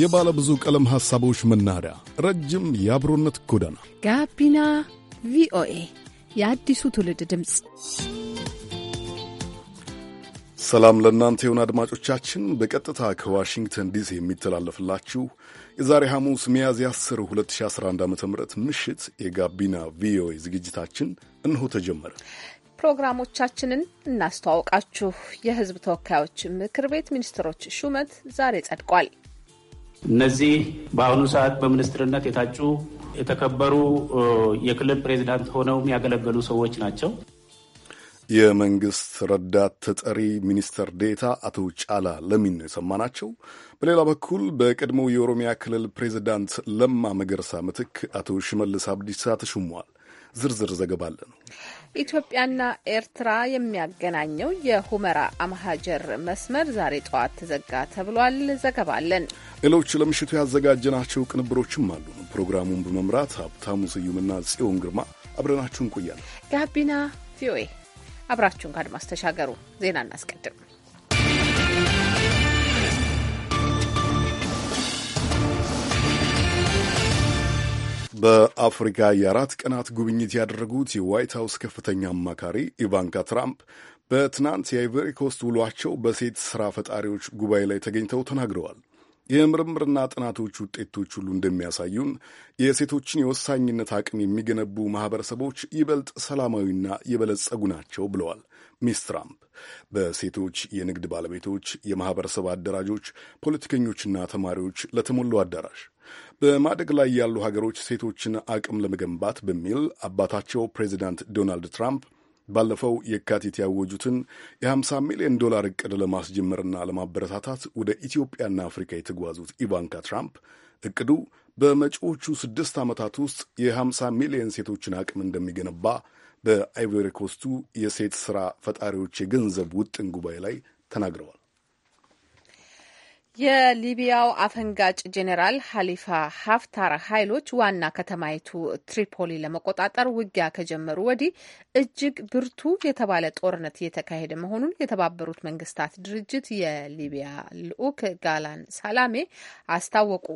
የባለ ብዙ ቀለም ሐሳቦች መናኸሪያ፣ ረጅም የአብሮነት ጎዳና ጋቢና ቪኦኤ የአዲሱ ትውልድ ድምፅ። ሰላም ለእናንተ ይሁን አድማጮቻችን። በቀጥታ ከዋሽንግተን ዲሲ የሚተላለፍላችሁ የዛሬ ሐሙስ ሚያዝያ 10 2011 ዓ ም ምሽት የጋቢና ቪኦኤ ዝግጅታችን እንሆ ተጀመረ። ፕሮግራሞቻችንን እናስተዋውቃችሁ። የሕዝብ ተወካዮች ምክር ቤት ሚኒስትሮች ሹመት ዛሬ ጸድቋል። እነዚህ በአሁኑ ሰዓት በሚኒስትርነት የታጩ የተከበሩ የክልል ፕሬዚዳንት ሆነውም ያገለገሉ ሰዎች ናቸው። የመንግስት ረዳት ተጠሪ ሚኒስትር ዴታ አቶ ጫላ ለሚን ነው የሰማናቸው። በሌላ በኩል በቀድሞው የኦሮሚያ ክልል ፕሬዚዳንት ለማ መገርሳ ምትክ አቶ ሽመልስ አብዲሳ ተሹሟል። ዝርዝር ዘገባ አለን። ኢትዮጵያና ኤርትራ የሚያገናኘው የሁመራ አምሃጀር መስመር ዛሬ ጠዋት ተዘጋ ተብሏል። ዘገባ አለን። ሌሎች ለምሽቱ ያዘጋጀናቸው ቅንብሮችም አሉ። ፕሮግራሙን በመምራት ሀብታሙ ስዩምና ጽዮን ግርማ አብረናችሁ እንቆያለን። ጋቢና ቪኦኤ አብራችሁን ከአድማስ ተሻገሩ። ዜና እናስቀድም። በአፍሪካ የአራት ቀናት ጉብኝት ያደረጉት የዋይት ሀውስ ከፍተኛ አማካሪ ኢቫንካ ትራምፕ በትናንት የአይቨሪ ኮስት ውሏቸው በሴት ሥራ ፈጣሪዎች ጉባኤ ላይ ተገኝተው ተናግረዋል። የምርምርና ጥናቶች ውጤቶች ሁሉ እንደሚያሳዩን የሴቶችን የወሳኝነት አቅም የሚገነቡ ማኅበረሰቦች ይበልጥ ሰላማዊና የበለጸጉ ናቸው ብለዋል ሚስ ትራምፕ። በሴቶች የንግድ ባለቤቶች፣ የማህበረሰብ አደራጆች፣ ፖለቲከኞችና ተማሪዎች ለተሞሉ አዳራሽ በማደግ ላይ ያሉ ሀገሮች ሴቶችን አቅም ለመገንባት በሚል አባታቸው ፕሬዚዳንት ዶናልድ ትራምፕ ባለፈው የካቲት ያወጁትን የ50 ሚሊዮን ዶላር እቅድ ለማስጀመርና ለማበረታታት ወደ ኢትዮጵያና አፍሪካ የተጓዙት ኢቫንካ ትራምፕ እቅዱ በመጪዎቹ ስድስት ዓመታት ውስጥ የ50 ሚሊዮን ሴቶችን አቅም እንደሚገነባ በአይቮሪኮስቱ የሴት ስራ ፈጣሪዎች የገንዘብ ውጥን ጉባኤ ላይ ተናግረዋል። የሊቢያው አፈንጋጭ ጄኔራል ሀሊፋ ሀፍታር ኃይሎች ዋና ከተማይቱ ትሪፖሊ ለመቆጣጠር ውጊያ ከጀመሩ ወዲህ እጅግ ብርቱ የተባለ ጦርነት እየተካሄደ መሆኑን የተባበሩት መንግስታት ድርጅት የሊቢያ ልዑክ ጋላን ሳላሜ አስታወቁ።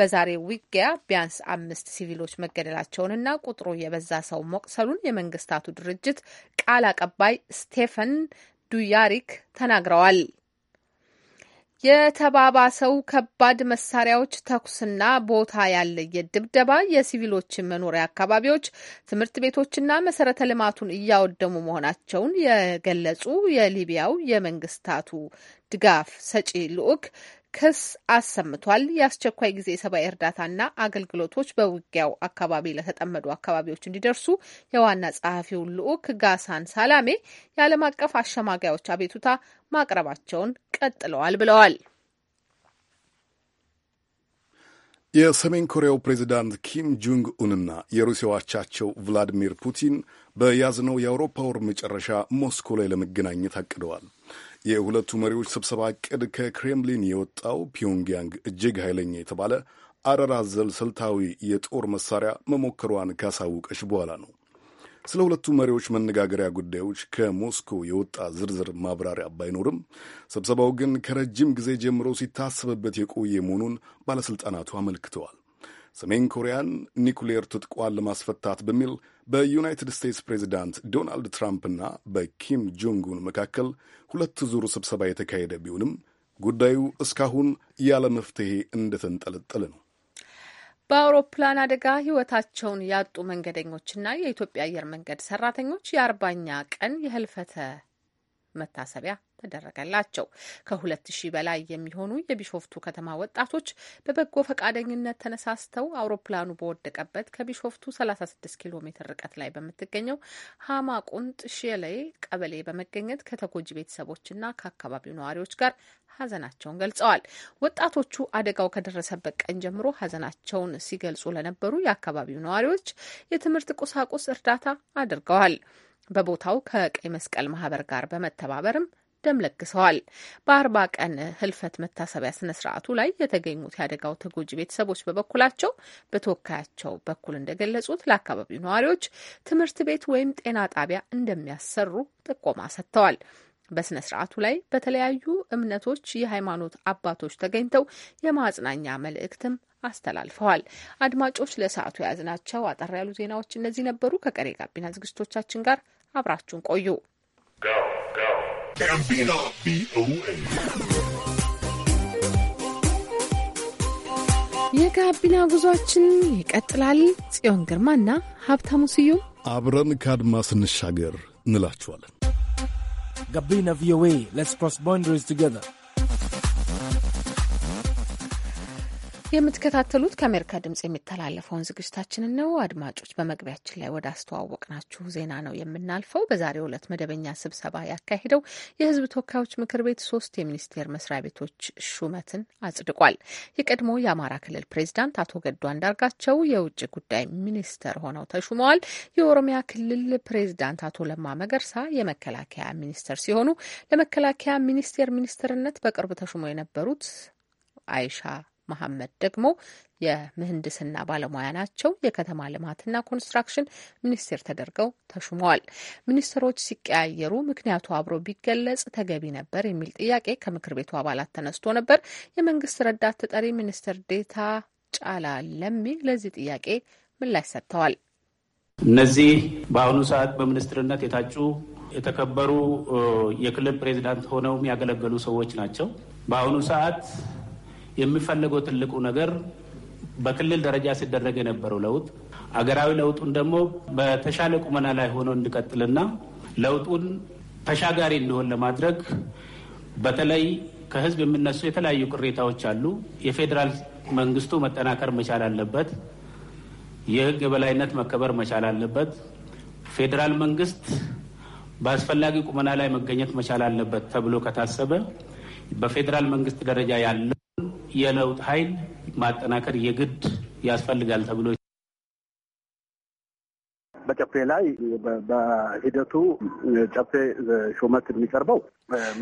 በዛሬ ውጊያ ቢያንስ አምስት ሲቪሎች መገደላቸውንና ቁጥሩ የበዛ ሰው መቁሰሉን የመንግስታቱ ድርጅት ቃል አቀባይ ስቴፈን ዱያሪክ ተናግረዋል። የተባባሰው ከባድ መሳሪያዎች ተኩስና ቦታ ያለየ ድብደባ የሲቪሎችን መኖሪያ አካባቢዎች፣ ትምህርት ቤቶችና መሰረተ ልማቱን እያወደሙ መሆናቸውን የገለጹ የሊቢያው የመንግስታቱ ድጋፍ ሰጪ ልዑክ ክስ አሰምቷል። የአስቸኳይ ጊዜ የሰብአዊ እርዳታና አገልግሎቶች በውጊያው አካባቢ ለተጠመዱ አካባቢዎች እንዲደርሱ የዋና ጸሐፊውን ልዑክ ጋሳን ሳላሜ የዓለም አቀፍ አሸማጋዮች አቤቱታ ማቅረባቸውን ቀጥለዋል ብለዋል። የሰሜን ኮሪያው ፕሬዚዳንት ኪም ጁንግ ኡንና የሩሲያው አቻቸው ቭላዲሚር ፑቲን በያዝነው የአውሮፓ ወር መጨረሻ ሞስኮ ላይ ለመገናኘት አቅደዋል። የሁለቱ መሪዎች ስብሰባ ዕቅድ ከክሬምሊን የወጣው ፒዮንግያንግ እጅግ ኃይለኛ የተባለ አረር አዘል ስልታዊ የጦር መሳሪያ መሞከሯን ካሳወቀች በኋላ ነው። ስለ ሁለቱ መሪዎች መነጋገሪያ ጉዳዮች ከሞስኮ የወጣ ዝርዝር ማብራሪያ ባይኖርም ስብሰባው ግን ከረጅም ጊዜ ጀምሮ ሲታሰብበት የቆየ መሆኑን ባለሥልጣናቱ አመልክተዋል። ሰሜን ኮሪያን ኒኩሌር ትጥቋን ለማስፈታት በሚል በዩናይትድ ስቴትስ ፕሬዚዳንት ዶናልድ ትራምፕና በኪም ጆንግ ኡን መካከል ሁለት ዙር ስብሰባ የተካሄደ ቢሆንም ጉዳዩ እስካሁን ያለ መፍትሔ እንደተንጠለጠለ ነው። በአውሮፕላን አደጋ ህይወታቸውን ያጡ መንገደኞችና የኢትዮጵያ አየር መንገድ ሰራተኞች የአርባኛ ቀን የህልፈተ መታሰቢያ ተደረገላቸው። ከሁለት ሺህ በላይ የሚሆኑ የቢሾፍቱ ከተማ ወጣቶች በበጎ ፈቃደኝነት ተነሳስተው አውሮፕላኑ በወደቀበት ከቢሾፍቱ 36 ኪሎ ሜትር ርቀት ላይ በምትገኘው ሀማቁንጥ ሼሌ ቀበሌ በመገኘት ከተጎጂ ቤተሰቦችና ከአካባቢው ነዋሪዎች ጋር ሀዘናቸውን ገልጸዋል። ወጣቶቹ አደጋው ከደረሰበት ቀን ጀምሮ ሀዘናቸውን ሲገልጹ ለነበሩ የአካባቢው ነዋሪዎች የትምህርት ቁሳቁስ እርዳታ አድርገዋል። በቦታው ከቀይ መስቀል ማህበር ጋር በመተባበርም ደም ለግሰዋል። በአርባ ቀን ህልፈት መታሰቢያ ስነ ስርዓቱ ላይ የተገኙት የአደጋው ተጎጂ ቤተሰቦች በበኩላቸው በተወካያቸው በኩል እንደገለጹት ለአካባቢው ነዋሪዎች ትምህርት ቤት ወይም ጤና ጣቢያ እንደሚያሰሩ ጥቆማ ሰጥተዋል። በስነ ስርዓቱ ላይ በተለያዩ እምነቶች የሃይማኖት አባቶች ተገኝተው የማጽናኛ መልእክትም አስተላልፈዋል። አድማጮች ለሰዓቱ የያዝናቸው አጠር ያሉ ዜናዎች እነዚህ ነበሩ። ከቀሪ ጋቢና ዝግጅቶቻችን ጋር አብራችሁን ቆዩ። የጋቢና ጉዟችን ይቀጥላል። ጽዮን ግርማና ሀብታሙ ስዩም አብረን ከአድማ ስንሻገር እንላችኋለን። ጋቢና ቪኦኤ ሌትስ ክሮስ ባውንደሪስ ቱጌዘር የምትከታተሉት ከአሜሪካ ድምጽ የሚተላለፈውን ዝግጅታችንን ነው። አድማጮች፣ በመግቢያችን ላይ ወደ አስተዋወቅናችሁ ዜና ነው የምናልፈው። በዛሬው ዕለት መደበኛ ስብሰባ ያካሄደው የሕዝብ ተወካዮች ምክር ቤት ሶስት የሚኒስቴር መስሪያ ቤቶች ሹመትን አጽድቋል። የቀድሞ የአማራ ክልል ፕሬዚዳንት አቶ ገዱ አንዳርጋቸው የውጭ ጉዳይ ሚኒስተር ሆነው ተሹመዋል። የኦሮሚያ ክልል ፕሬዚዳንት አቶ ለማ መገርሳ የመከላከያ ሚኒስተር ሲሆኑ ለመከላከያ ሚኒስቴር ሚኒስትርነት በቅርብ ተሹመው የነበሩት አይሻ መሐመድ ደግሞ የምህንድስና ባለሙያ ናቸው። የከተማ ልማትና ኮንስትራክሽን ሚኒስቴር ተደርገው ተሹመዋል። ሚኒስትሮች ሲቀያየሩ ምክንያቱ አብሮ ቢገለጽ ተገቢ ነበር የሚል ጥያቄ ከምክር ቤቱ አባላት ተነስቶ ነበር። የመንግስት ረዳት ተጠሪ ሚኒስትር ዴታ ጫላ ለሚ ለዚህ ጥያቄ ምላሽ ሰጥተዋል። እነዚህ በአሁኑ ሰዓት በሚኒስትርነት የታጩ የተከበሩ የክልል ፕሬዚዳንት ሆነውም ያገለገሉ ሰዎች ናቸው። በአሁኑ ሰዓት የሚፈልገው ትልቁ ነገር በክልል ደረጃ ሲደረግ የነበረው ለውጥ አገራዊ ለውጡን ደግሞ በተሻለ ቁመና ላይ ሆኖ እንዲቀጥልና ለውጡን ተሻጋሪ እንዲሆን ለማድረግ በተለይ ከህዝብ የሚነሱ የተለያዩ ቅሬታዎች አሉ። የፌዴራል መንግስቱ መጠናከር መቻል አለበት። የህግ የበላይነት መከበር መቻል አለበት። ፌዴራል መንግስት በአስፈላጊ ቁመና ላይ መገኘት መቻል አለበት ተብሎ ከታሰበ በፌዴራል መንግስት ደረጃ ያለ የለውጥ ኃይል ማጠናከር የግድ ያስፈልጋል ተብሎ በጨፌ ላይ በሂደቱ ጨፌ ሹመት የሚቀርበው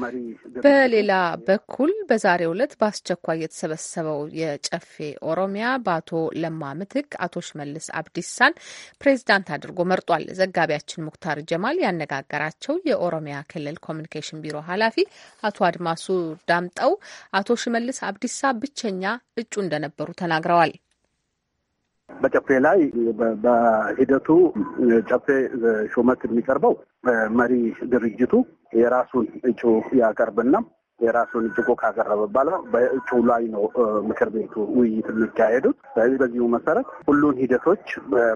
መሪ። በሌላ በኩል በዛሬ ዕለት በአስቸኳይ የተሰበሰበው የጨፌ ኦሮሚያ በአቶ ለማ ምትክ አቶ ሽመልስ አብዲሳን ፕሬዚዳንት አድርጎ መርጧል። ዘጋቢያችን ሙክታር ጀማል ያነጋገራቸው የኦሮሚያ ክልል ኮሚኒኬሽን ቢሮ ኃላፊ አቶ አድማሱ ዳምጠው አቶ ሽመልስ አብዲሳ ብቸኛ እጩ እንደነበሩ ተናግረዋል። በጨፌ ላይ በሂደቱ ጨፌ ሹመት የሚቀርበው መሪ ድርጅቱ የራሱን እጩ ያቀርብና የራሱን እጩ ካቀረበ በኋላ በእጩ ላይ ነው ምክር ቤቱ ውይይት የሚካሄዱት። ስለዚህ በዚሁ መሰረት ሁሉን ሂደቶች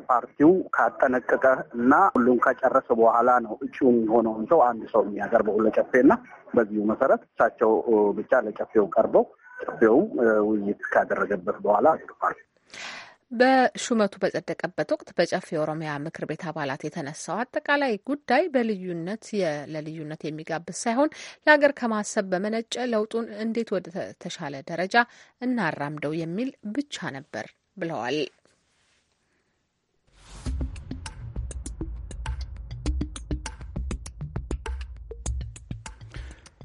ፓርቲው ካጠነቀቀ እና ሁሉን ከጨረሰ በኋላ ነው እጩ የሚሆነውን ሰው አንድ ሰው የሚያቀርበው ለጨፌና በዚሁ መሰረት እሳቸው ብቻ ለጨፌው ቀርበው ጨፌውም ውይይት ካደረገበት በኋላ ፓርቲ በሹመቱ በጸደቀበት ወቅት በጨፌ የኦሮሚያ ምክር ቤት አባላት የተነሳው አጠቃላይ ጉዳይ በልዩነት ለልዩነት የሚጋብዝ ሳይሆን ለሀገር ከማሰብ በመነጨ ለውጡን እንዴት ወደ ተሻለ ደረጃ እናራምደው የሚል ብቻ ነበር ብለዋል።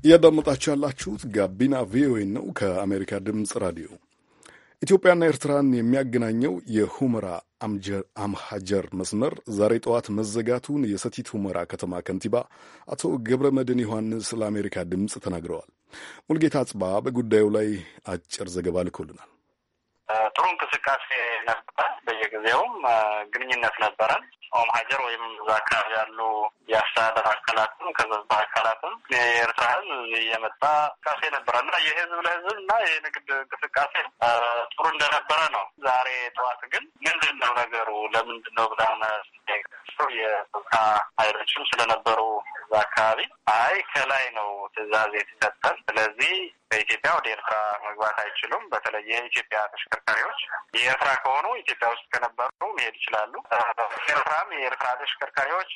እያዳመጣችሁ ያላችሁት ጋቢና ቪኦኤ ነው ከአሜሪካ ድምፅ ራዲዮ ኢትዮጵያና ኤርትራን የሚያገናኘው የሁመራ አምሃጀር መስመር ዛሬ ጠዋት መዘጋቱን የሰቲት ሁመራ ከተማ ከንቲባ አቶ ገብረ መድን ዮሐንስ ለአሜሪካ ድምፅ ተናግረዋል። ሙልጌታ አጽባ በጉዳዩ ላይ አጭር ዘገባ ልኮልናል። ጥሩ እንቅስቃሴ ነበረ። በየጊዜውም ግንኙነት ነበረን። ኦም ሀጀር ወይም እዛ አካባቢ ያሉ የ የመሳተፍ አካላትም ከዘዛ አካላትም የኤርትራ ህዝብ እየመጣ እንቅስቃሴ ነበረ እና የህዝብ ለህዝብ እና የንግድ እንቅስቃሴ ጥሩ እንደነበረ ነው። ዛሬ ጠዋት ግን ምንድን ነው ነገሩ ለምንድን ነው ብላን የጸጥታ ኃይሎችም ስለነበሩ እዛ አካባቢ አይ ከላይ ነው ትዕዛዝ የተሰጠን ስለዚህ ከኢትዮጵያ ወደ ኤርትራ መግባት አይችሉም። በተለይ የኢትዮጵያ ተሽከርካሪዎች የኤርትራ ከሆኑ ኢትዮጵያ ውስጥ ከነበሩ መሄድ ይችላሉ። ኤርትራም የኤርትራ ተሽከርካሪዎች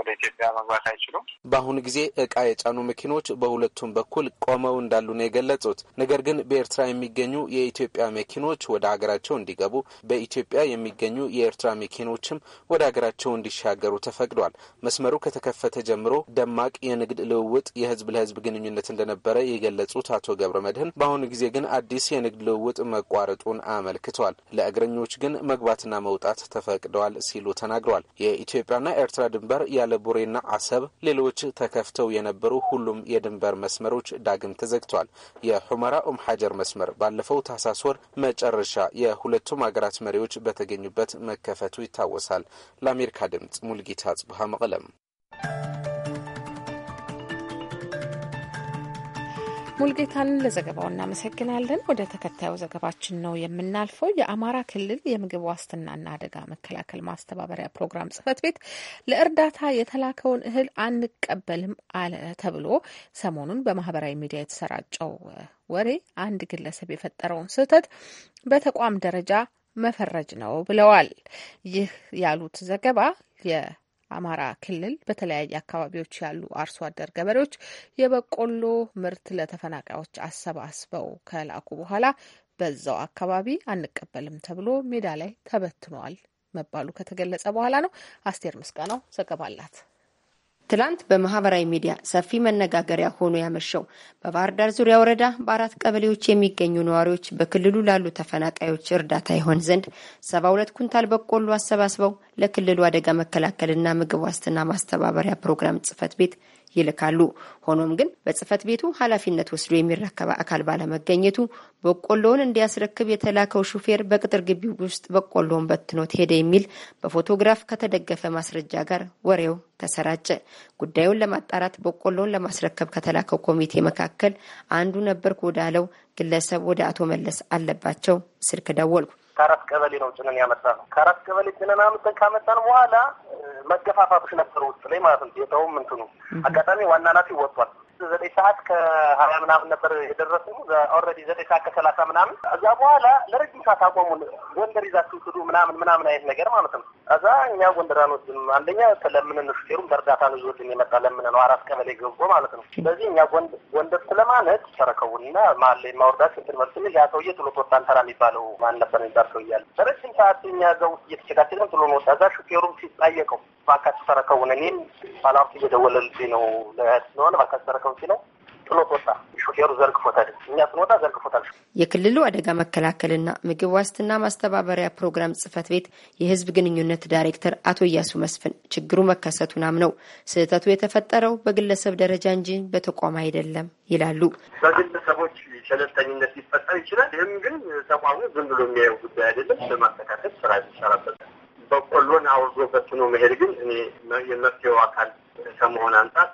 ወደ ኢትዮጵያ መግባት አይችሉም። በአሁኑ ጊዜ እቃ የጫኑ መኪኖች በሁለቱም በኩል ቆመው እንዳሉ ነው የገለጹት። ነገር ግን በኤርትራ የሚገኙ የኢትዮጵያ መኪኖች ወደ ሀገራቸው እንዲገቡ፣ በኢትዮጵያ የሚገኙ የኤርትራ መኪኖችም ወደ ሀገራቸው እንዲሻገሩ ተፈቅዷል። መስመሩ ከተከፈተ ጀምሮ ደማቅ የንግድ ልውውጥ፣ የህዝብ ለህዝብ ግንኙነት እንደነበረ የገለጹት አቶ ገብረ መድህን በአሁኑ ጊዜ ግን አዲስ የንግድ ልውውጥ መቋረጡን አመልክተዋል። ለእግረኞች ግን መግባትና መውጣት ተፈቅደዋል ሲሉ ተናግረዋል። የኢትዮጵያና ኤርትራ ድንበር ያለ ቡሬና አሰብ፣ ሌሎች ተከፍተው የነበሩ ሁሉም የድንበር መስመሮች ዳግም ተዘግተዋል። የሑመራ ኡም ሀጀር መስመር ባለፈው ታህሳስ ወር መጨረሻ የሁለቱም ሀገራት መሪዎች በተገኙበት መከፈቱ ይታወሳል። ለአሜሪካ ድምጽ ሙልጌታ ጽቡሃ መቀለም ሙልጌታን ለዘገባው እናመሰግናለን። ወደ ተከታዩ ዘገባችን ነው የምናልፈው። የአማራ ክልል የምግብ ዋስትናና አደጋ መከላከል ማስተባበሪያ ፕሮግራም ጽህፈት ቤት ለእርዳታ የተላከውን እህል አንቀበልም አለ ተብሎ ሰሞኑን በማህበራዊ ሚዲያ የተሰራጨው ወሬ አንድ ግለሰብ የፈጠረውን ስህተት በተቋም ደረጃ መፈረጅ ነው ብለዋል። ይህ ያሉት ዘገባ አማራ ክልል በተለያየ አካባቢዎች ያሉ አርሶ አደር ገበሬዎች የበቆሎ ምርት ለተፈናቃዮች አሰባስበው ከላኩ በኋላ በዛው አካባቢ አንቀበልም ተብሎ ሜዳ ላይ ተበትነዋል መባሉ ከተገለጸ በኋላ ነው። አስቴር ምስጋናው ዘገባ አላት። ትላንት በማህበራዊ ሚዲያ ሰፊ መነጋገሪያ ሆኖ ያመሸው በባህር ዳር ዙሪያ ወረዳ በአራት ቀበሌዎች የሚገኙ ነዋሪዎች በክልሉ ላሉ ተፈናቃዮች እርዳታ ይሆን ዘንድ ሰባ ሁለት ኩንታል በቆሎ አሰባስበው ለክልሉ አደጋ መከላከልና ምግብ ዋስትና ማስተባበሪያ ፕሮግራም ጽህፈት ቤት ይልካሉ። ሆኖም ግን በጽህፈት ቤቱ ኃላፊነት ወስዶ የሚረከበ አካል ባለመገኘቱ በቆሎውን እንዲያስረክብ የተላከው ሹፌር በቅጥር ግቢ ውስጥ በቆሎውን በትኖት ሄደ የሚል በፎቶግራፍ ከተደገፈ ማስረጃ ጋር ወሬው ተሰራጨ። ጉዳዩን ለማጣራት በቆሎውን ለማስረከብ ከተላከው ኮሚቴ መካከል አንዱ ነበርኩ ወዳለው ግለሰብ ወደ አቶ መለስ አለባቸው ስልክ ደወልኩ። ከአራት ቀበሌ ነው ጭነን ያመጣ ነው። ከአራት ቀበሌ ጭነን አምጠን ካመጣን በኋላ መገፋፋቶች ነበሩ ውስጥ ላይ ማለት ነው። ጌታውም እንትኑ አጋጣሚ ዋና ናፊ ወጥቷል። ስድስት ዘጠኝ ሰዓት ከሀያ ምናምን ነበር የደረሱ ኦልሬዲ ዘጠኝ ሰዓት ከሰላሳ ምናምን እዛ በኋላ ለረጅም ሰዓት አቆሙን። ጎንደር ይዛችሁ ስዱ ምናምን ምናምን አይነት ነገር ማለት ነው። እዛ እኛ ጎንደር አንወስድም፣ አንደኛ ለምንን ሹፌሩም በእርዳታ ንዞልን የመጣ ለምን ነው አራት ቀበሌ ገብቶ ማለት ነው። ስለዚህ እኛ ጎንደር ስለማነት ተረከቡና መሀል ማውርዳት እንትን መልስል ያ ሰውዬ ጥሎ ወጣ። ተራ የሚባለው ማን ነበር የሚባል ሰው እያለ ለረጅም ሰዓት እኛ እዛ ውስጥ እየተቸጋቸግን ጥሎ ወጣ። እዛ ሹፌሩም ሲጠየቀው እባካችሁ ተረከቡን፣ እኔም ባላርቱ እየደወለልኝ ነው ለእህት ስለሆነ እባካችሁ ተረከቡ አልተመለከተም ሲለው ጥሎት ወጣ። ሾፌሩ ዘርግፎታል፣ እኛ ስንወጣ ዘርግፎታል። የክልሉ አደጋ መከላከልና ምግብ ዋስትና ማስተባበሪያ ፕሮግራም ጽህፈት ቤት የህዝብ ግንኙነት ዳይሬክተር አቶ እያሱ መስፍን ችግሩ መከሰቱን አምነው ስህተቱ የተፈጠረው በግለሰብ ደረጃ እንጂ በተቋም አይደለም ይላሉ። በግለሰቦች ሸለልተኝነት ሊፈጠር ይችላል። ይህም ግን ተቋሙ ዝም ብሎ የሚያየው ጉዳይ አይደለም። ለማስተካከል ስራ ይሰራበታል። በቆሎን አውርዶ በትኖ መሄድ ግን እኔ የመፍትሄው አካል ከመሆን አንጻር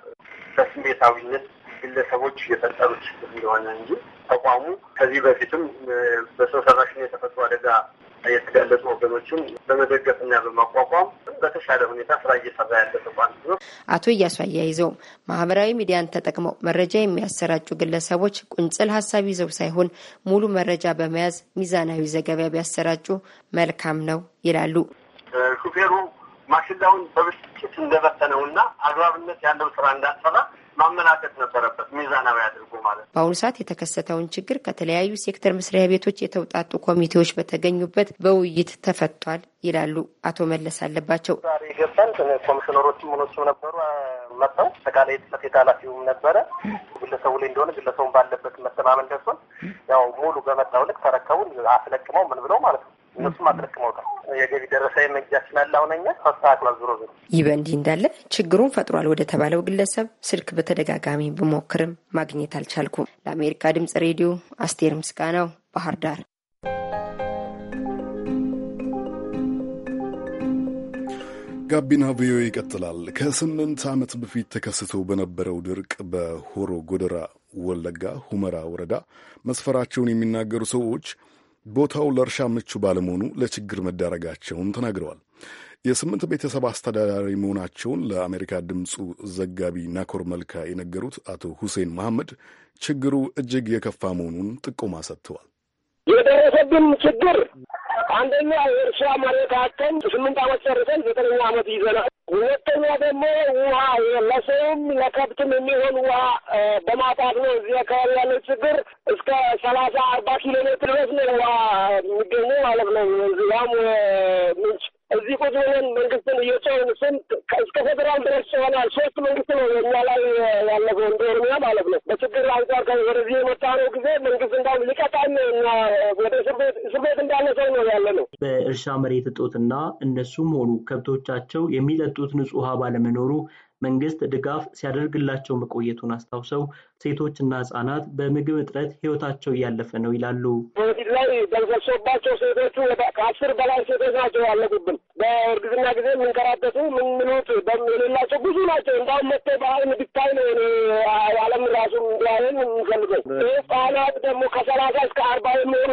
በስሜታዊነት ግለሰቦች የፈጠሩት ችግር እንደሆነ እንጂ ተቋሙ ከዚህ በፊትም በሰው ሰራሽ የተፈጥሮ አደጋ የተገለጹ ወገኖችን በመደገፍና በማቋቋም በተሻለ ሁኔታ ስራ እየሰራ ያለ ተቋም ነው። አቶ እያሱ አያይዘው ማህበራዊ ሚዲያን ተጠቅመው መረጃ የሚያሰራጩ ግለሰቦች ቁንጽል ሀሳብ ይዘው ሳይሆን ሙሉ መረጃ በመያዝ ሚዛናዊ ዘገባ ቢያሰራጩ መልካም ነው ይላሉ። ሹፌሩ ማሽላውን በብስጭት እንደበተነው እና አግባብነት ያለው ስራ እንዳሰራ ማመላከት ነበረበት፣ ሚዛናዊ አድርጎ ማለት ነው። በአሁኑ ሰዓት የተከሰተውን ችግር ከተለያዩ ሴክተር መስሪያ ቤቶች የተውጣጡ ኮሚቴዎች በተገኙበት በውይይት ተፈቷል ይላሉ አቶ መለስ አለባቸው። ዛሬ የገባን ኮሚሽነሮችም ሆኖችም ነበሩ መጥተው አጠቃላይ ጽሕፈት ቤት ኃላፊውም ነበረ። ግለሰቡ ላይ እንደሆነ ግለሰቡን ባለበት መተማመን ደርሶን ያው ሙሉ በመጣው ልክ ተረከቡን አስለቅመው ምን ብለው ማለት ነው እነሱ ማድረግ ቅመውታል። የገቢ ደረሰ የመጃችን አለ አሁን እኛ ተስተካክሏል። ዞሮ ዞሮ ይህ በእንዲህ እንዳለ ችግሩን ፈጥሯል ወደ ተባለው ግለሰብ ስልክ በተደጋጋሚ ብሞክርም ማግኘት አልቻልኩም። ለአሜሪካ ድምጽ ሬዲዮ አስቴር ምስጋናው ባህር ዳር። ጋቢና ቪኦኤ ይቀጥላል። ከስምንት ዓመት በፊት ተከስቶ በነበረው ድርቅ በሆሮ ጎደራ ወለጋ ሁመራ ወረዳ መስፈራቸውን የሚናገሩ ሰዎች ቦታው ለእርሻ ምቹ ባለመሆኑ ለችግር መዳረጋቸውን ተናግረዋል። የስምንት ቤተሰብ አስተዳዳሪ መሆናቸውን ለአሜሪካ ድምፁ ዘጋቢ ናኮር መልካ የነገሩት አቶ ሁሴን መሐመድ ችግሩ እጅግ የከፋ መሆኑን ጥቆማ ሰጥተዋል። የደረሰብን ችግር አንደኛ የእርሻ መሬታችን ስምንት ዓመት ጨርሰን ዘጠነኛ ዓመት ይዘናል። ሁለተኛ ደግሞ ውሃ ለሰውም ለከብትም የሚሆን ውሃ በማጣት ነው። እዚህ አካባቢ ያለው ችግር እስከ ሰላሳ አርባ ኪሎ ሜትር ድረስ ነው ውሃ የሚገኘው ማለት ነው። ያም ምንጭ እዚህ ቁጭ ብለን መንግስትን እየጨውን ስም እስከ ፌዴራል ድረስ ሆናል። ሶስት መንግስት ነው እኛ ላይ ያለፈው እንደ ኦሮሚያ ማለት ነው። በችግር አንጻር ወደዚህ የመጣነው ጊዜ መንግስት እንዳውም ሊቀጣን ወደ እስር ቤት እንዳለ ሰው ነው ያለ ነው። በእርሻ መሬት እጦትና እነሱም ሆኑ ከብቶቻቸው የሚጠጡት ንጹህ ውሃ ባለመኖሩ መንግስት ድጋፍ ሲያደርግላቸው መቆየቱን አስታውሰው ሴቶችና ህጻናት በምግብ እጥረት ህይወታቸው እያለፈ ነው ይላሉ። ኮቪድ ላይ ደርሶባቸው ሴቶቹ ከአስር በላይ ሴቶች ናቸው ያለቁብን። በእርግዝና ጊዜ የምንከራተቱ የምንሉት የሌላቸው ብዙ ናቸው። እንዳሁም መጥቶ በአይን ብታይ ነው አለም ራሱ እንዲያይን የምንፈልገው። ህጻናት ደግሞ ከሰላሳ እስከ አርባ የሚሆኑ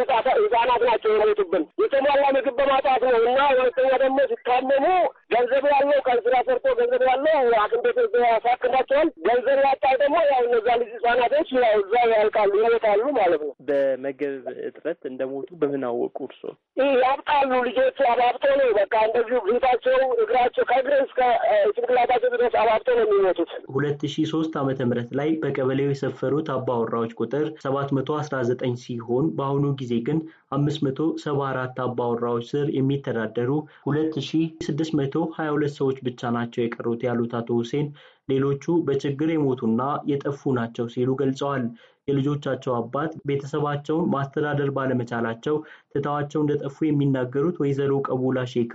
ህጻናት ናቸው የሞቱብን። የተሟላ ምግብ በማጣት ነው እና ሁለተኛ ደግሞ ሲታመሙ ገንዘብ ያለው ከስራ ሰርቶ ገንዘብ ያለው ሐኪም ቤት ያሳክማቸዋል። ገንዘብ ያጣ ደግሞ ያው እነዛ ልጅ ህጻናቶች ያው እዛ ያልቃሉ ይወጣሉ ማለት ነው። በምግብ እጥረት እንደሞቱ በምን አወቁ እርሶ? ያብጣሉ ልጆቹ አባብቶ ነው በቃ እንደዚሁ ቤታቸው እግራቸው ከእግር እስከ ጭንቅላታቸው ድረስ አባብቶ ነው የሚሞቱት። ሁለት ሺ ሶስት አመተ ምህረት ላይ በቀበሌው የሰፈሩት አባወራዎች ቁጥር ሰባት መቶ አስራ ዘጠኝ ሲሆን በአሁኑ ጊዜ ግን አምስት መቶ ሰባ አራት አባወራዎች ስር የሚተዳደሩ ሁለት ሺ ስድስት መቶ ሀያ ሁለት ሰዎች ብቻ ናቸው የቀሩት ያሉት አቶ ሁሴን ሌሎቹ በችግር የሞቱና የጠፉ ናቸው ሲሉ ገልጸዋል። የልጆቻቸው አባት ቤተሰባቸውን ማስተዳደር ባለመቻላቸው ትተዋቸው እንደጠፉ የሚናገሩት ወይዘሮ ቀቡላ ሼካ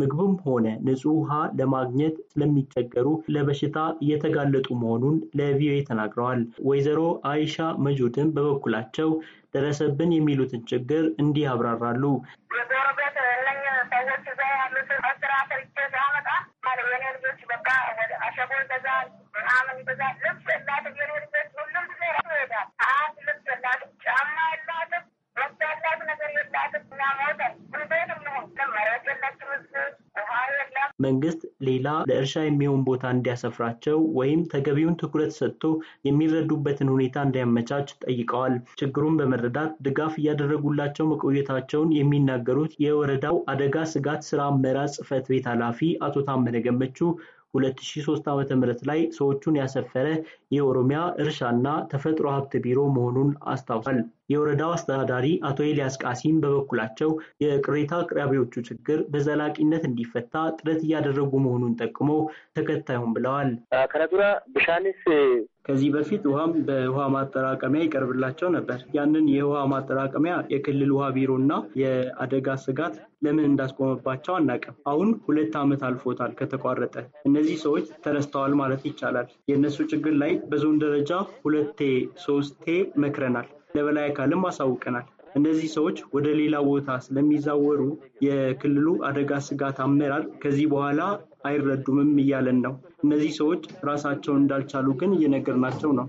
ምግብም ሆነ ንጹህ ውሃ ለማግኘት ስለሚቸገሩ ለበሽታ እየተጋለጡ መሆኑን ለቪኦኤ ተናግረዋል። ወይዘሮ አይሻ መጁድን በበኩላቸው ደረሰብን የሚሉትን ችግር እንዲህ ያብራራሉ። ይበዛል ምናምን ይበዛል። ልብስ የላትም ሁሉም ጊዜ ራሱ ይሄዳል። አት ልብስ የላትም፣ ጫማ የላትም፣ ነገር የላትም። መንግስት ሌላ ለእርሻ የሚሆን ቦታ እንዲያሰፍራቸው ወይም ተገቢውን ትኩረት ሰጥቶ የሚረዱበትን ሁኔታ እንዲያመቻች ጠይቀዋል። ችግሩን በመረዳት ድጋፍ እያደረጉላቸው መቆየታቸውን የሚናገሩት የወረዳው አደጋ ስጋት ስራ አመራር ጽህፈት ቤት ኃላፊ አቶ ታመነ ገመቹ 2003 ዓ.ም ላይ ሰዎቹን ያሰፈረ የኦሮሚያ እርሻና ተፈጥሮ ሀብት ቢሮ መሆኑን አስታውሳል። የወረዳው አስተዳዳሪ አቶ ኤልያስ ቃሲም በበኩላቸው የቅሬታ አቅራቢዎቹ ችግር በዘላቂነት እንዲፈታ ጥረት እያደረጉ መሆኑን ጠቅሞ ተከታዩም ብለዋል። ከረዱራ ብሻንስ ከዚህ በፊት ውሃም በውሃ ማጠራቀሚያ ይቀርብላቸው ነበር። ያንን የውሃ ማጠራቀሚያ የክልል ውሃ እና የአደጋ ስጋት ለምን እንዳስቆመባቸው አናውቅም። አሁን ሁለት ዓመት አልፎታል ከተቋረጠ። እነዚህ ሰዎች ተነስተዋል ማለት ይቻላል። የእነሱ ችግር ላይ በዞን ደረጃ ሁለቴ ሶስቴ መክረናል። ለበላይ አካልም አሳውቀናል። እነዚህ ሰዎች ወደ ሌላ ቦታ ስለሚዛወሩ የክልሉ አደጋ ስጋት አመራር ከዚህ በኋላ አይረዱምም እያለን ነው። እነዚህ ሰዎች ራሳቸውን እንዳልቻሉ ግን እየነገርናቸው ነው።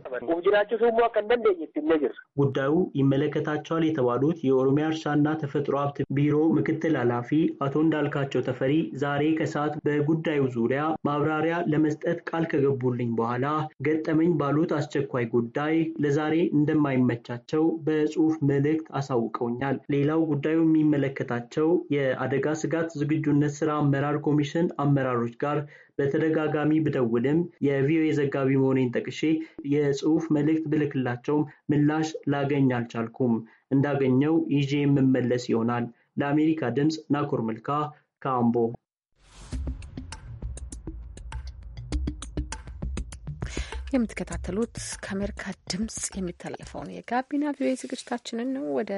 ጉዳዩ ይመለከታቸዋል የተባሉት የኦሮሚያ እርሻና ተፈጥሮ ሀብት ቢሮ ምክትል ኃላፊ አቶ እንዳልካቸው ተፈሪ ዛሬ ከሰዓት በጉዳዩ ዙሪያ ማብራሪያ ለመስጠት ቃል ከገቡልኝ በኋላ ገጠመኝ ባሉት አስቸኳይ ጉዳይ ለዛሬ እንደማይመቻቸው በጽሁፍ መልእክት አሳውቀውኛል። ሌላው ጉዳዩ የሚመለከታቸው የአደጋ ስጋት ዝግጁነት ስራ አመራር ኮሚሽን አመራሮች አመራሮች ጋር በተደጋጋሚ ብደውልም የቪኦኤ ዘጋቢ መሆኔን ጠቅሼ የጽሁፍ መልእክት ብልክላቸው ምላሽ ላገኝ አልቻልኩም። እንዳገኘው ይዤ የምመለስ ይሆናል። ለአሜሪካ ድምፅ ናኮር መልካ ካምቦ የምትከታተሉት ከአሜሪካ ድምጽ የሚተላለፈውን የጋቢና ቪኦኤ ዝግጅታችንን ነው። ወደ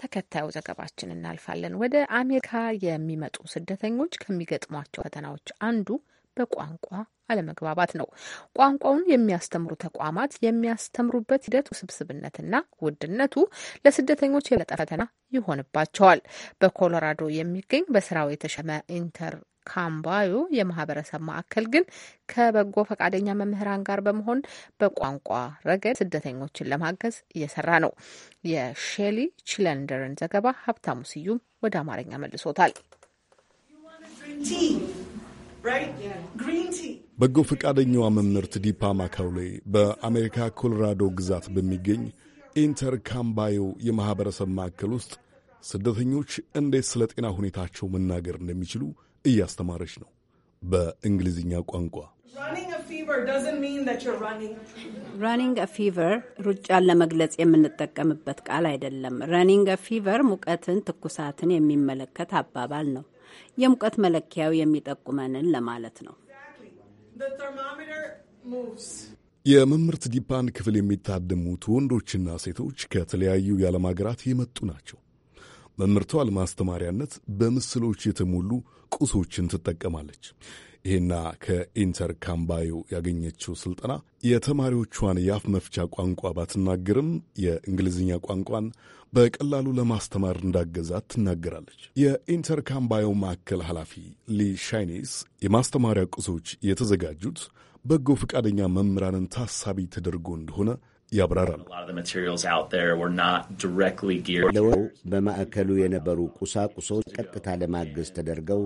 ተከታዩ ዘገባችን እናልፋለን። ወደ አሜሪካ የሚመጡ ስደተኞች ከሚገጥሟቸው ፈተናዎች አንዱ በቋንቋ አለመግባባት ነው። ቋንቋውን የሚያስተምሩ ተቋማት የሚያስተምሩበት ሂደት ውስብስብነትና ውድነቱ ለስደተኞች የበለጠ ፈተና ይሆንባቸዋል። በኮሎራዶ የሚገኝ በስራው የተሸመ ኢንተር ካምባዩ የማህበረሰብ ማዕከል ግን ከበጎ ፈቃደኛ መምህራን ጋር በመሆን በቋንቋ ረገድ ስደተኞችን ለማገዝ እየሰራ ነው። የሼሊ ችለንደርን ዘገባ ሀብታሙ ስዩም ወደ አማርኛ መልሶታል። በጎ ፈቃደኛዋ መምህርት ዲፓ ማካውሌ በአሜሪካ ኮሎራዶ ግዛት በሚገኝ ኢንተር ካምባዮ የማኅበረሰብ ማዕከል ውስጥ ስደተኞች እንዴት ስለ ጤና ሁኔታቸው መናገር እንደሚችሉ እያስተማረች ነው በእንግሊዝኛ ቋንቋ። ራኒንግ ፊቨር ሩጫን ለመግለጽ የምንጠቀምበት ቃል አይደለም። ራኒንግ ፊቨር ሙቀትን፣ ትኩሳትን የሚመለከት አባባል ነው። የሙቀት መለኪያው የሚጠቁመንን ለማለት ነው። የመምህርት ዲፓን ክፍል የሚታደሙት ወንዶችና ሴቶች ከተለያዩ የዓለም ሀገራት የመጡ ናቸው። መምህርቷ ለማስተማሪያነት በምስሎች የተሞሉ ቁሶችን ትጠቀማለች። ይህና ከኢንተር ካምባዩ ያገኘችው ስልጠና የተማሪዎቿን የአፍ መፍቻ ቋንቋ ባትናገርም የእንግሊዝኛ ቋንቋን በቀላሉ ለማስተማር እንዳገዛት ትናገራለች። የኢንተር ካምባዮ ማዕከል ኃላፊ ሊ ሻይኔስ የማስተማሪያ ቁሶች የተዘጋጁት በጎ ፈቃደኛ መምህራንን ታሳቢ ተደርጎ እንደሆነ ያብራራል። በማዕከሉ የነበሩ ቁሳቁሶች ቀጥታ ለማገዝ ተደርገው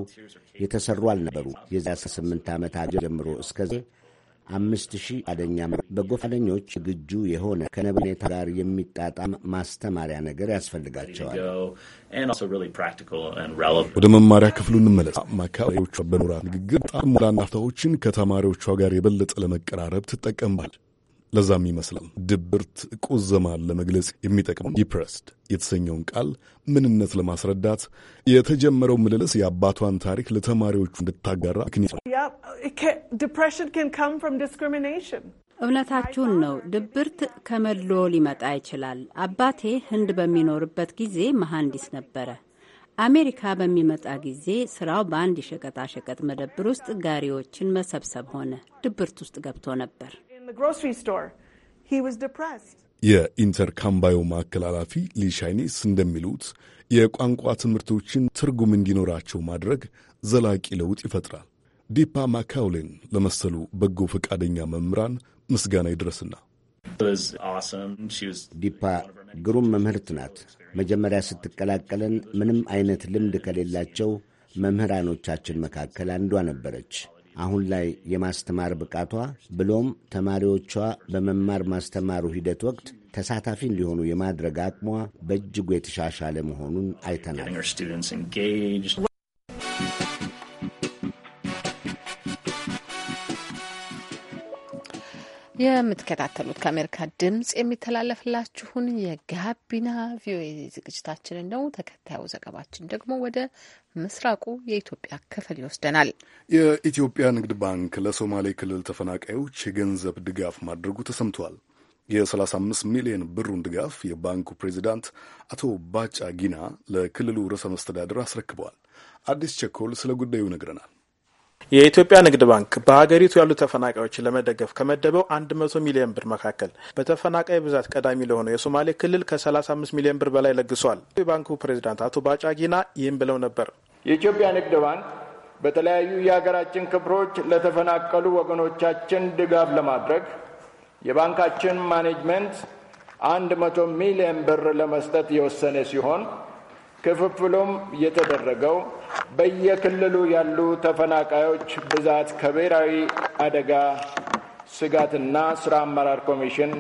የተሰሩ አልነበሩ። የዚያ ስምንት ዓመት ጀምሮ እስከዚህ አምስት ሺህ አደኛ በጎ ፈቃደኞች ዝግጁ የሆነ ከነብ ጋር የሚጣጣም ማስተማሪያ ነገር ያስፈልጋቸዋል። ወደ መማሪያ ክፍሉ እንመለስ። ማካባቢዎቿ በኖራ ንግግር ጣሙላ ናፍታዎችን ከተማሪዎቿ ጋር የበለጠ ለመቀራረብ ትጠቀምባል። ለዛም ይመስላል ድብርት፣ ቁዘማን ለመግለጽ የሚጠቅመው ዲፕረስድ የተሰኘውን ቃል ምንነት ለማስረዳት የተጀመረው ምልልስ የአባቷን ታሪክ ለተማሪዎቹ እንድታጋራ ምክንያት እውነታችሁን ነው። ድብርት ከመድሎ ሊመጣ ይችላል። አባቴ ህንድ በሚኖርበት ጊዜ መሐንዲስ ነበረ። አሜሪካ በሚመጣ ጊዜ ስራው በአንድ የሸቀጣሸቀጥ መደብር ውስጥ ጋሪዎችን መሰብሰብ ሆነ። ድብርት ውስጥ ገብቶ ነበር። የኢንተርካምባዮ ማዕከል ኃላፊ ሊሻይኒስ እንደሚሉት የቋንቋ ትምህርቶችን ትርጉም እንዲኖራቸው ማድረግ ዘላቂ ለውጥ ይፈጥራል። ዲፓ ማካውሌን ለመሰሉ በጎ ፈቃደኛ መምህራን ምስጋና ይድረስና ዲፓ ግሩም መምህርት ናት። መጀመሪያ ስትቀላቀለን ምንም አይነት ልምድ ከሌላቸው መምህራኖቻችን መካከል አንዷ ነበረች። አሁን ላይ የማስተማር ብቃቷ ብሎም ተማሪዎቿ በመማር ማስተማሩ ሂደት ወቅት ተሳታፊ እንዲሆኑ የማድረግ አቅሟ በእጅጉ የተሻሻለ መሆኑን አይተናል። የምትከታተሉት ከአሜሪካ ድምጽ የሚተላለፍላችሁን የጋቢና ቪኦኤ ዝግጅታችንን ነው። ተከታዩ ዘገባችን ደግሞ ወደ ምስራቁ የኢትዮጵያ ክፍል ይወስደናል። የኢትዮጵያ ንግድ ባንክ ለሶማሌ ክልል ተፈናቃዮች የገንዘብ ድጋፍ ማድረጉ ተሰምቷል። የ35 ሚሊዮን ብሩን ድጋፍ የባንኩ ፕሬዚዳንት አቶ ባጫ ጊና ለክልሉ ርዕሰ መስተዳድር አስረክበዋል። አዲስ ቸኮል ስለ ጉዳዩ ይነግረናል። የኢትዮጵያ ንግድ ባንክ በሀገሪቱ ያሉ ተፈናቃዮችን ለመደገፍ ከመደበው 100 ሚሊዮን ብር መካከል በተፈናቃይ ብዛት ቀዳሚ ለሆነው የሶማሌ ክልል ከ35 ሚሊዮን ብር በላይ ለግሷል። የባንኩ ፕሬዚዳንት አቶ ባጫ ጊና ይህም ብለው ነበር። የኢትዮጵያ ንግድ ባንክ በተለያዩ የሀገራችን ክፍሎች ለተፈናቀሉ ወገኖቻችን ድጋፍ ለማድረግ የባንካችን ማኔጅመንት 100 ሚሊዮን ብር ለመስጠት የወሰነ ሲሆን ክፍፍሉም የተደረገው በየክልሉ ያሉ ተፈናቃዮች ብዛት ከብሔራዊ አደጋ ስጋትና ስራ አመራር ኮሚሽን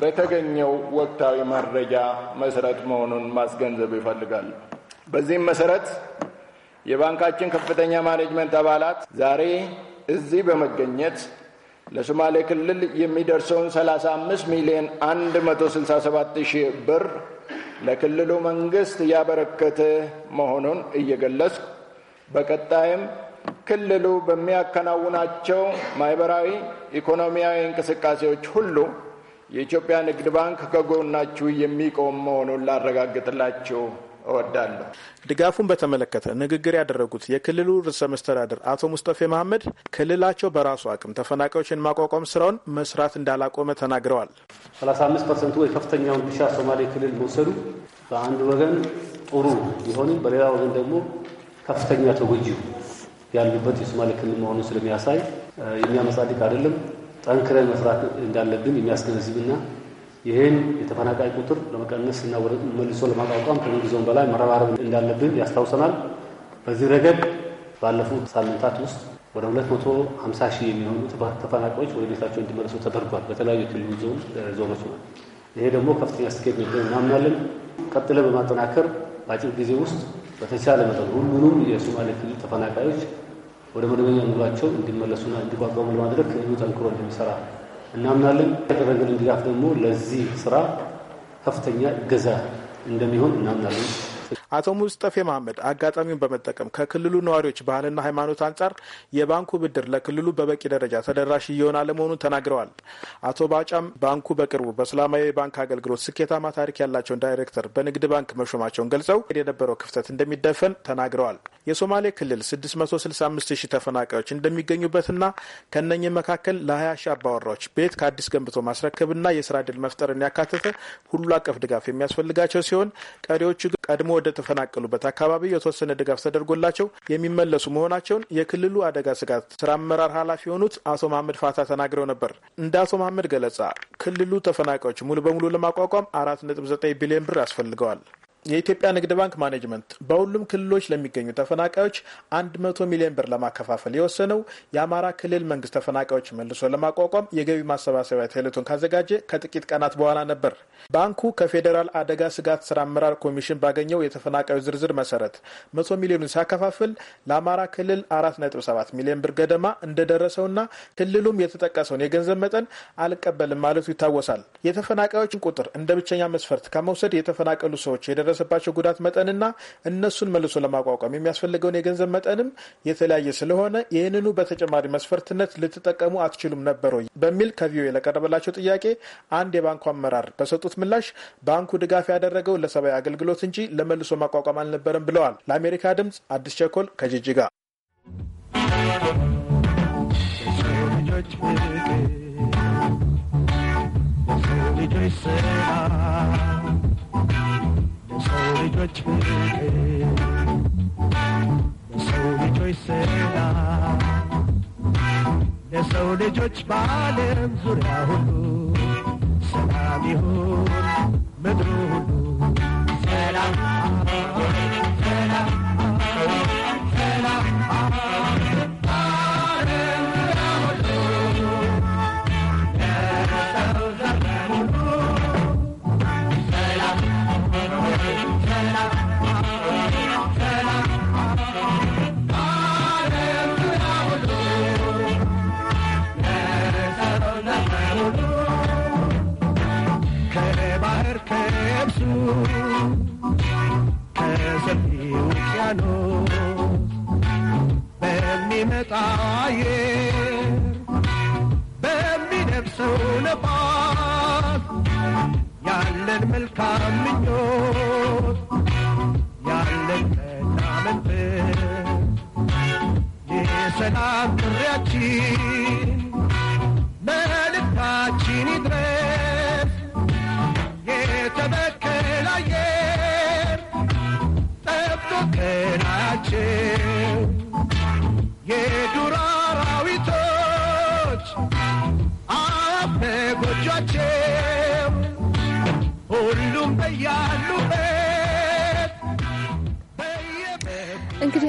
በተገኘው ወቅታዊ መረጃ መሰረት መሆኑን ማስገንዘብ ይፈልጋል። በዚህም መሰረት የባንካችን ከፍተኛ ማኔጅመንት አባላት ዛሬ እዚህ በመገኘት ለሶማሌ ክልል የሚደርሰውን 35 ሚሊዮን 167 ሺህ ብር ለክልሉ መንግስት እያበረከተ መሆኑን እየገለጽኩ በቀጣይም ክልሉ በሚያከናውናቸው ማህበራዊ፣ ኢኮኖሚያዊ እንቅስቃሴዎች ሁሉ የኢትዮጵያ ንግድ ባንክ ከጎናችሁ የሚቆም መሆኑን ላረጋግጥላችሁ እወዳለሁ። ድጋፉን በተመለከተ ንግግር ያደረጉት የክልሉ ርዕሰ መስተዳድር አቶ ሙስጠፌ መሀመድ ክልላቸው በራሱ አቅም ተፈናቃዮችን ማቋቋም ስራውን መስራት እንዳላቆመ ተናግረዋል። 35 ፐርሰንቱ ከፍተኛውን ድርሻ ሶማሌ ክልል መውሰዱ በአንድ ወገን ጥሩ ቢሆንም በሌላ ወገን ደግሞ ከፍተኛ ተጎጂ ያሉበት የሶማሌ ክልል መሆኑን ስለሚያሳይ የሚያመጻድቅ አይደለም። ጠንክረን መስራት እንዳለብን የሚያስገነዝብና ይህን የተፈናቃይ ቁጥር ለመቀነስ እና መልሶ ለማቋቋም ከምንጊዜውም በላይ መረባረብ እንዳለብን ያስታውሰናል። በዚህ ረገድ ባለፉት ሳምንታት ውስጥ ወደ 250 ሺህ የሚሆኑ ተፈናቃዮች ወደ ቤታቸው እንዲመለሱ ተደርጓል። በተለያዩ የክልሉ ዞኖች ነው። ይሄ ደግሞ ከፍተኛ ስኬት ነው እናምናለን። ቀጥለ በማጠናከር በአጭር ጊዜ ውስጥ በተቻለ መጠን ሁሉንም የሶማሌ ክልል ተፈናቃዮች ወደ መደበኛ ኑሯቸው እንዲመለሱና እንዲቋቋሙ ለማድረግ ክልሉ ጠንክሮ እንደሚሰራ እናምናለን። ያደረገልን ድጋፍ ደግሞ ለዚህ ስራ ከፍተኛ እገዛ እንደሚሆን እናምናለን። አቶ ሙስጠፌ መሀመድ አጋጣሚውን በመጠቀም ከክልሉ ነዋሪዎች ባህልና ሃይማኖት አንጻር የባንኩ ብድር ለክልሉ በበቂ ደረጃ ተደራሽ እየሆነ አለመሆኑን ተናግረዋል። አቶ ባጫም ባንኩ በቅርቡ በሰላማዊ ባንክ አገልግሎት ስኬታማ ታሪክ ያላቸውን ዳይሬክተር በንግድ ባንክ መሾማቸውን ገልጸው የነበረው ክፍተት እንደሚደፈን ተናግረዋል። የሶማሌ ክልል 665 ሺህ ተፈናቃዮች እንደሚገኙበትና ከነኝ መካከል ለ20 ሺህ አባወራዎች ቤት ከአዲስ ገንብቶ ማስረከብና የስራ ዕድል መፍጠርን ያካተተ ሁሉ አቀፍ ድጋፍ የሚያስፈልጋቸው ሲሆን ቀሪዎቹ ቀድሞ ወደ ከተፈናቀሉበት አካባቢ የተወሰነ ድጋፍ ተደርጎላቸው የሚመለሱ መሆናቸውን የክልሉ አደጋ ስጋት ስራ አመራር ኃላፊ የሆኑት አቶ መሀመድ ፋታ ተናግረው ነበር። እንደ አቶ መሀመድ ገለጻ ክልሉ ተፈናቃዮች ሙሉ በሙሉ ለማቋቋም አራት ነጥብ ዘጠኝ ቢሊዮን ብር ያስፈልገዋል። የኢትዮጵያ ንግድ ባንክ ማኔጅመንት በሁሉም ክልሎች ለሚገኙ ተፈናቃዮች 100 ሚሊዮን ብር ለማከፋፈል የወሰነው የአማራ ክልል መንግስት ተፈናቃዮች መልሶ ለማቋቋም የገቢ ማሰባሰቢያ ቴሌቶን ካዘጋጀ ከጥቂት ቀናት በኋላ ነበር። ባንኩ ከፌዴራል አደጋ ስጋት ስራ አመራር ኮሚሽን ባገኘው የተፈናቃዮች ዝርዝር መሰረት 100 ሚሊዮኑን ሲያከፋፍል ለአማራ ክልል 4.7 ሚሊዮን ብር ገደማ እንደደረሰውና ክልሉም የተጠቀሰውን የገንዘብ መጠን አልቀበልም ማለቱ ይታወሳል። የተፈናቃዮችን ቁጥር እንደ ብቸኛ መስፈርት ከመውሰድ የተፈናቀሉ ሰዎች የደረ የደረሰባቸው ጉዳት መጠንና እነሱን መልሶ ለማቋቋም የሚያስፈልገውን የገንዘብ መጠንም የተለያየ ስለሆነ ይህንኑ በተጨማሪ መስፈርትነት ልትጠቀሙ አትችሉም ነበረ በሚል ከቪኦኤ ለቀረበላቸው ጥያቄ አንድ የባንኩ አመራር በሰጡት ምላሽ ባንኩ ድጋፍ ያደረገው ለሰብአዊ አገልግሎት እንጂ ለመልሶ ማቋቋም አልነበረም ብለዋል። ለአሜሪካ ድምፅ አዲስ ቸኮል ከጅጅጋ። Thank you. የሰው ልጆች ፍቅር የሰው ልጆች ሰላም ለሰው ልጆች በዓለም ዙሪያ ሁሉ ሰላም ይሁን ምድሩ ሁሉ ሰላም ሰላም ሰላም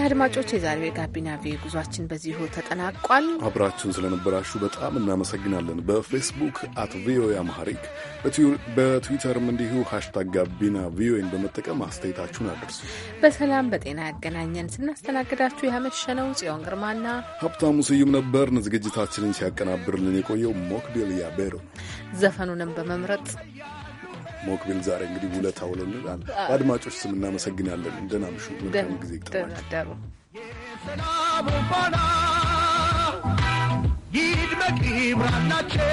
አድማጮች የዛሬው የጋቢና ቪ ጉዟችን በዚሁ ተጠናቋል። አብራችሁን ስለነበራችሁ በጣም እናመሰግናለን። በፌስቡክ አት ቪኦኤ አማሐሪክ በትዊተርም እንዲሁ ሃሽታግ ጋቢና ቪኦኤን በመጠቀም አስተያየታችሁን አድርሱ። በሰላም በጤና ያገናኘን። ስናስተናግዳችሁ ያመሸነው ጽዮን ግርማና ሀብታሙ ስዩም ነበር ዝግጅታችንን ሲያቀናብርልን የቆየው ሞክቤል ያቤሮ ዘፈኑንም በመምረጥ ሞክቢል ዛሬ እንግዲህ ውለታ ውሎልናል። በአድማጮች ስም እናመሰግናለን። እንደናምሹ መልካም ጊዜ ይጠማቸው። የሰላም ባና ይድመቅ ይብራላቸው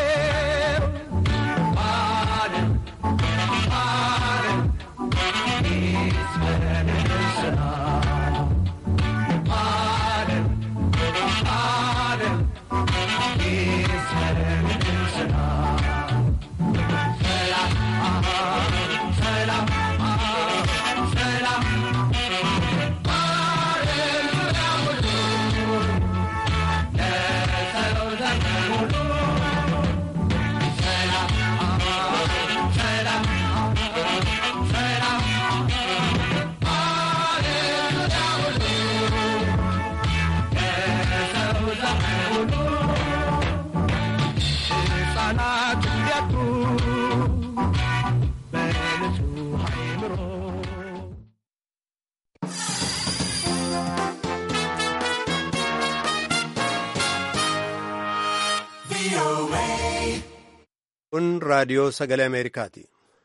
sagale sagalee ameerikaati.